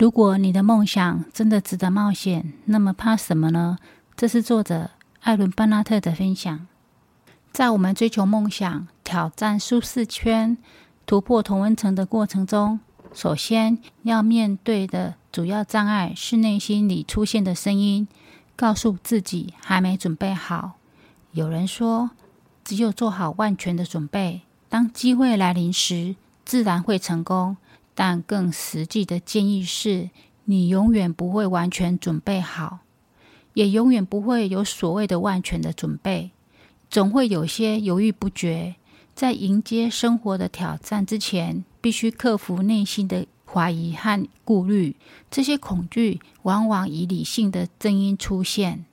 如果你的夢想真的值得冒險，那麼怕什麼呢？這是作者艾倫·班奈特的分享。在我們追求夢想、挑戰舒適圈、突破同溫層的過程中，首先要面對的主要障礙是內心裡出現的聲音，告訴自己還沒準備好。有人說，只有做好萬全的準備，當機會來臨時，自然會成功。但更實際的建議是，你永遠不會完全準備好，也永遠不會有所謂的萬全的準備。總會有些猶豫不決，在迎接生活的挑戰之前，必須克服內心的懷疑和顧慮。這些恐懼往往以理性的聲音出現。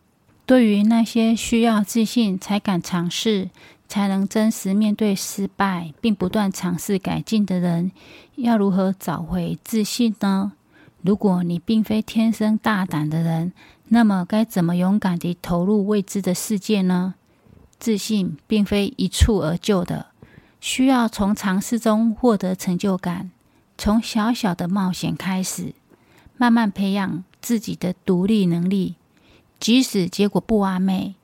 對於那些需要自信才敢嘗試才能真實面對失敗，並不斷嘗試改進的人，要如何找回自信呢？如果你並非天生大膽的人，那麼該怎麼勇敢地投入未知的世界呢？自信並非一蹴而就的，需要從嘗試中獲得成就感，從小小的冒險開始，慢慢培養自己的獨立能力。即使結果不完美，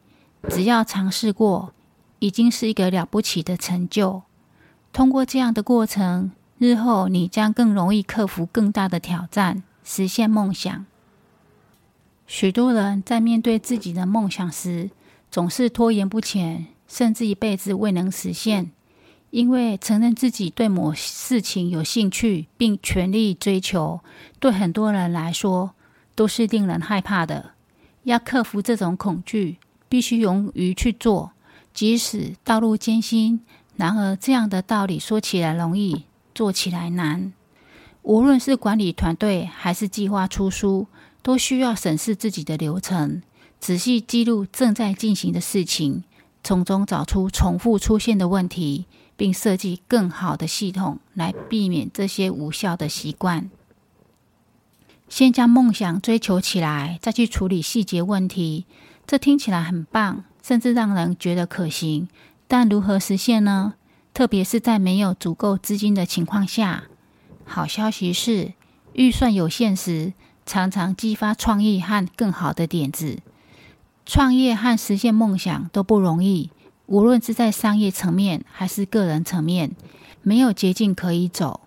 只要嘗試過。已經是一個了不起的成就。通過這樣的過程，日後你將更容易克服更大的挑戰，實現夢想。許多人在面對自己的夢想時，總是拖延不前，甚至一輩子未能實現。因為承認自己對某事情有興趣，並全力追求，對很多人來說都是令人害怕的。要克服這種恐懼，必須勇於去做。即使道路艱辛，然而這樣的道理說起來容易，做起來難。無論是管理團隊，還是計劃出書，都需要審視自己的流程，仔細記錄正在進行的事情，從中找出重複出現的問題，並設計更好的系統來避免這些無效的習慣。先將夢想追求起來，再去處理細節問題，這聽起來很棒。甚至讓人覺得可行，但如何實現呢？特別是在沒有足夠資金的情況下。好消息是，預算有限時，常常激發創意和更好的點子。創業和實現夢想都不容易，無論是在商業層面還是個人層面，沒有捷徑可以走。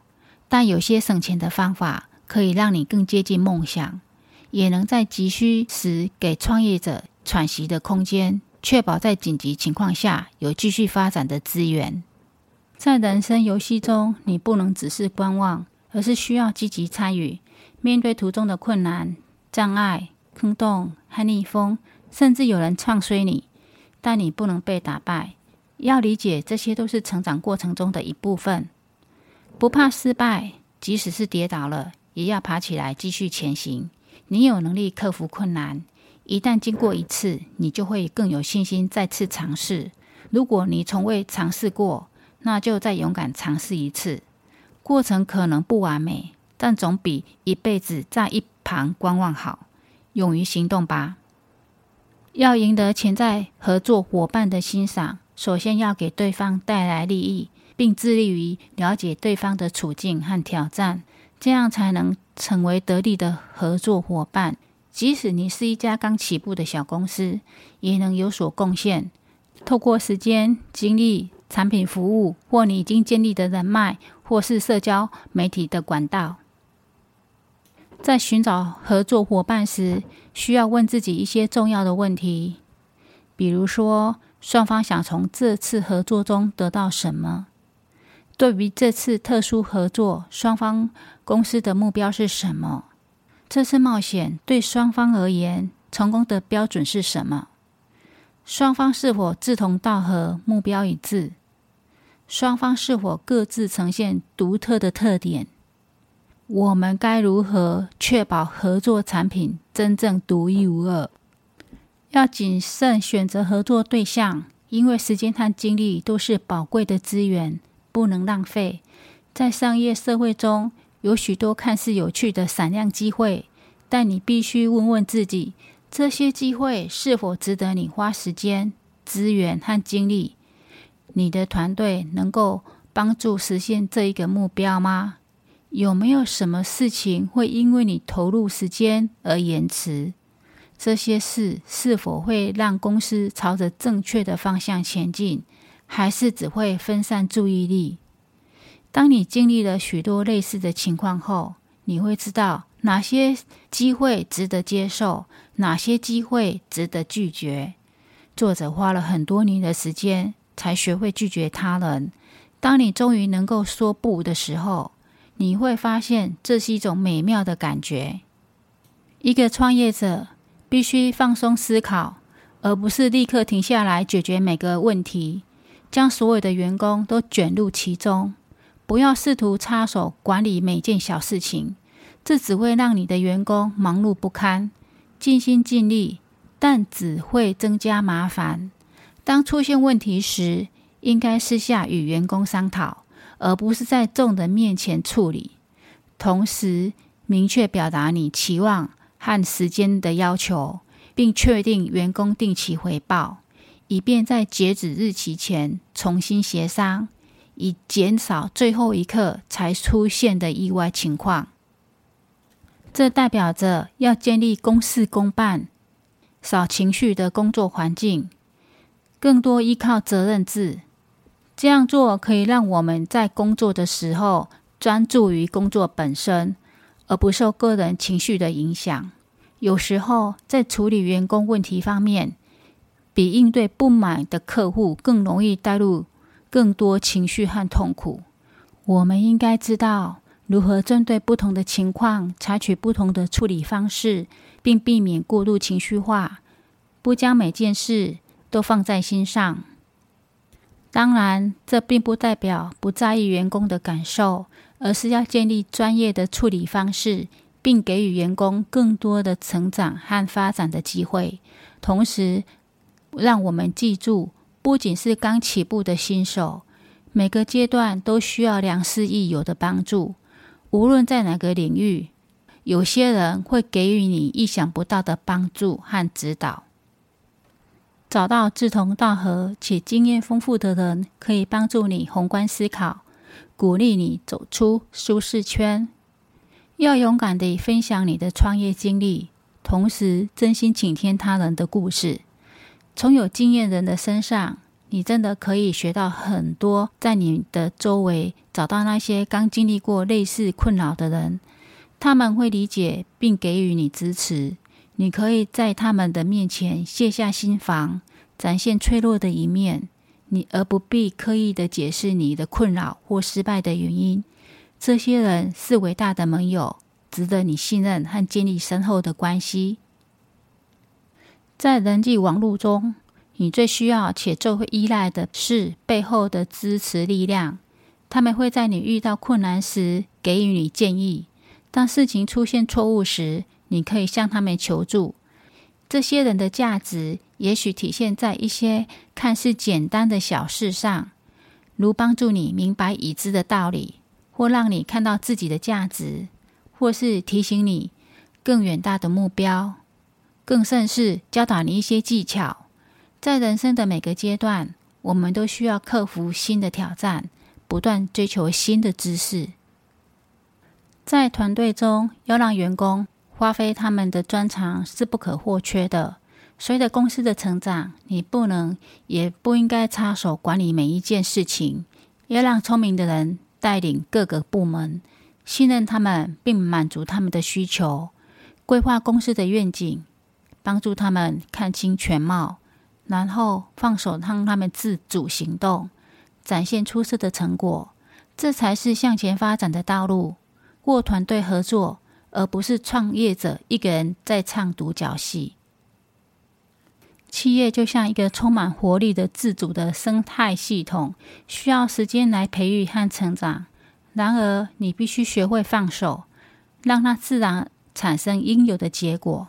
但有些省錢的方法可以讓你更接近夢想，也能在急需時給創業者喘息的空間。確保在緊急情況下有繼續發展的資源。在人生遊戲中，你不能只是觀望，而是需要積極參與。面對途中的困難、障礙、坑洞和逆風，甚至有人唱衰你，但你不能被打敗。要理解，這些都是成長過程中的一部分。不怕失敗，即使是跌倒了，也要爬起來繼續前行。你有能力克服困難。一旦經過一次，你就會更有信心再次嘗試。如果你從未嘗試過，那就再勇敢嘗試一次。過程可能不完美，但總比一輩子在一旁觀望好。勇於行動吧！要贏得潛在合作夥伴的欣賞，首先要給對方帶來利益，並致力於了解對方的處境和挑戰，這樣才能成為得力的合作夥伴。即使你是一家剛起步的小公司，也能有所貢獻。透過時間、精力、產品服務，或你已經建立的人脈，或是社交媒體的管道，在尋找合作夥伴時，需要問自己一些重要的問題，比如說，雙方想從這次合作中得到什麼？對於這次特殊合作，雙方公司的目標是什麼？這次冒險對雙方而言，成功的標準是什麼？雙方是否志同道合、目標一致？雙方是否各自呈現獨特的特點？我們該如何確保合作產品真正獨一無二？要謹慎選擇合作對象，因為時間和精力都是寶貴的資源，不能浪費。在商業社會中，有許多看似有趣的閃亮機會，但你必須問問自己：這些機會是否值得你花時間、資源和精力？你的團隊能夠幫助實現這一個目標嗎？有沒有什麼事情會因為你投入時間而延遲？這些事是否會讓公司朝着正確的方向前進，還是只會分散注意力？當你經歷了許多類似的情況後，你會知道哪些機會值得接受，哪些機會值得拒絕。作者花了很多年的時間才學會拒絕他人。當你終於能夠說不的時候，你會發現這是一種美妙的感覺。一個創業者必須放鬆思考，而不是立刻停下來解決每個問題，將所有的員工都捲入其中。不要試圖插手管理每件小事情，這只會讓你的員工忙碌不堪，盡心盡力，但只會增加麻煩。當出現問題時，應該私下與員工商討，而不是在眾人面前處理。同時，明確表達你期望和時間的要求，並確定員工定期回報，以便在截止日期前重新協商。以減少最後一刻才出現的意外情況。這代表着要建立公事公辦、少情緒的工作環境，更多依靠責任制。這樣做可以讓我們在工作的時候專注於工作本身，而不受個人情緒的影響。有時候在處理員工問題方面，比應對不滿的客戶更容易帶入。更多情緒和痛苦，我們應該知道如何針對不同的情況採取不同的處理方式，並避免過度情緒化，不將每件事都放在心上。當然，這並不代表不在意員工的感受，而是要建立專業的處理方式，並給予員工更多的成長和發展的機會。同時，讓我們記住。不僅是剛起步的新手，每個階段都需要良師益友的幫助。無論在哪個領域，有些人會給予你意想不到的幫助和指導。找到志同道合且經驗豐富的人，可以幫助你宏觀思考，鼓勵你走出舒適圈。要勇敢地分享你的創業經歷，同時真心傾聽他人的故事。從有經驗人的身上，你真的可以學到很多。在你的周圍找到那些剛經歷過類似困擾的人，他們會理解並給予你支持。你可以在他們的面前卸下心防，展現脆弱的一面，你而不必刻意的解釋你的困擾或失敗的原因。這些人是偉大的盟友，值得你信任和建立深厚的關係。在人際網絡中，你最需要且最會依賴的是背後的支持力量。他們會在你遇到困難時給予你建議；當事情出現錯誤時，你可以向他們求助。這些人的價值，也許體現在一些看似簡單的小事上，如幫助你明白已知的道理，或讓你看到自己的價值，或是提醒你更遠大的目標。更甚是教導你一些技巧。在人生的每個階段，我們都需要克服新的挑戰，不斷追求新的知識。在團隊中，要讓員工發揮他們的專長是不可或缺的。隨着公司的成長，你不能也不應該插手管理每一件事情，要讓聰明的人帶領各個部門，信任他們並滿足他們的需求，規劃公司的願景。幫助他們看清全貌，然後放手讓他們自主行動，展現出色的成果，這才是向前發展的道路。過團隊合作，而不是創業者一個人在唱獨角戲。企業就像一個充滿活力的自主的生態系統，需要時間來培育和成長。然而，你必須學會放手，讓它自然產生應有的結果。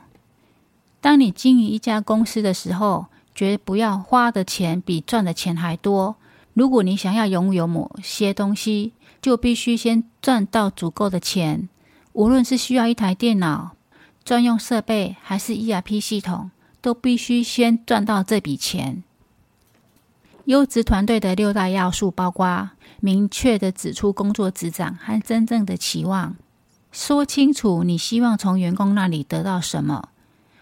當你經營一家公司的時候，絕不要花的錢比賺的錢還多。如果你想要擁有，有某些東西，就必須先賺到足夠的錢。無論是需要一台電腦、專用設備，還是 ERP 系統，都必須先賺到這筆錢。優質團隊的六大要素包括：明確的指出工作職掌，和真正的期望，說清楚你希望從員工那裡得到什麼。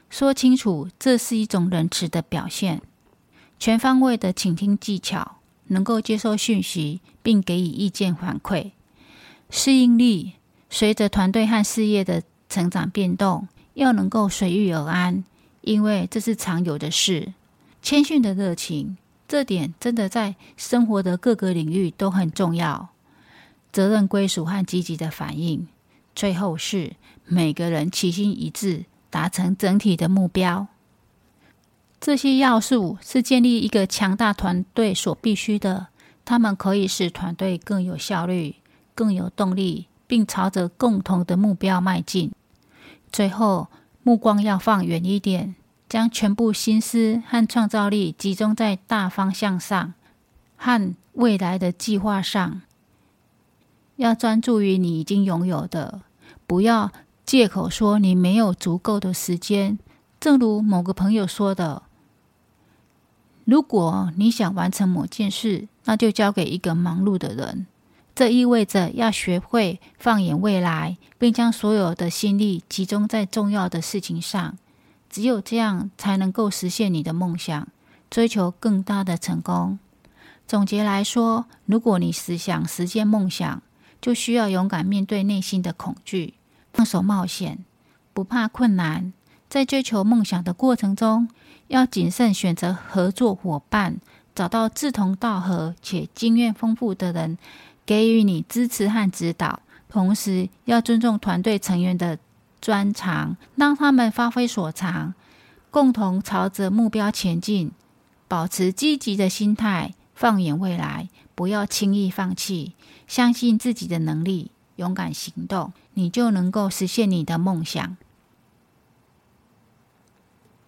說清楚，這是一種仁慈的表現。全方位的傾聽技巧，能夠接受訊息並給予意見反饋。適應力，隨着團隊和事業的成長變動，要能夠隨遇而安，因為這是常有的事。謙遜的熱情，這點真的在生活的各個領域都很重要。責任歸屬和積極的反應，最後是，每個人齊心一致。達成整體的目標，這些要素是建立一個強大團隊所必須的。他們可以使團隊更有效率、更有動力，並朝着共同的目標邁進。最後，目光要放遠一點，將全部心思和創造力集中在大方向上和未來的計劃上。要專注於你已經擁有的，不要借口說你沒有足夠的時間，正如某個朋友說的：“如果你想完成某件事，那就交給一個忙碌的人。”這意味着要學會放眼未來，並將所有的心力集中在重要的事情上。只有這樣，才能夠實現你的夢想，追求更大的成功。總結來說，如果你是想實現夢想，就需要勇敢面對內心的恐懼。放手冒險，不怕困難。在追求夢想的過程中，要謹慎選擇合作夥伴，找到志同道合且經驗豐富的人，給予你支持和指導。同時，要尊重團隊成員的專長，讓他們發揮所長，共同朝着目標前進。保持積極的心態，放眼未來，不要輕易放棄，相信自己的能力。勇敢行動，你就能夠實現你的夢想。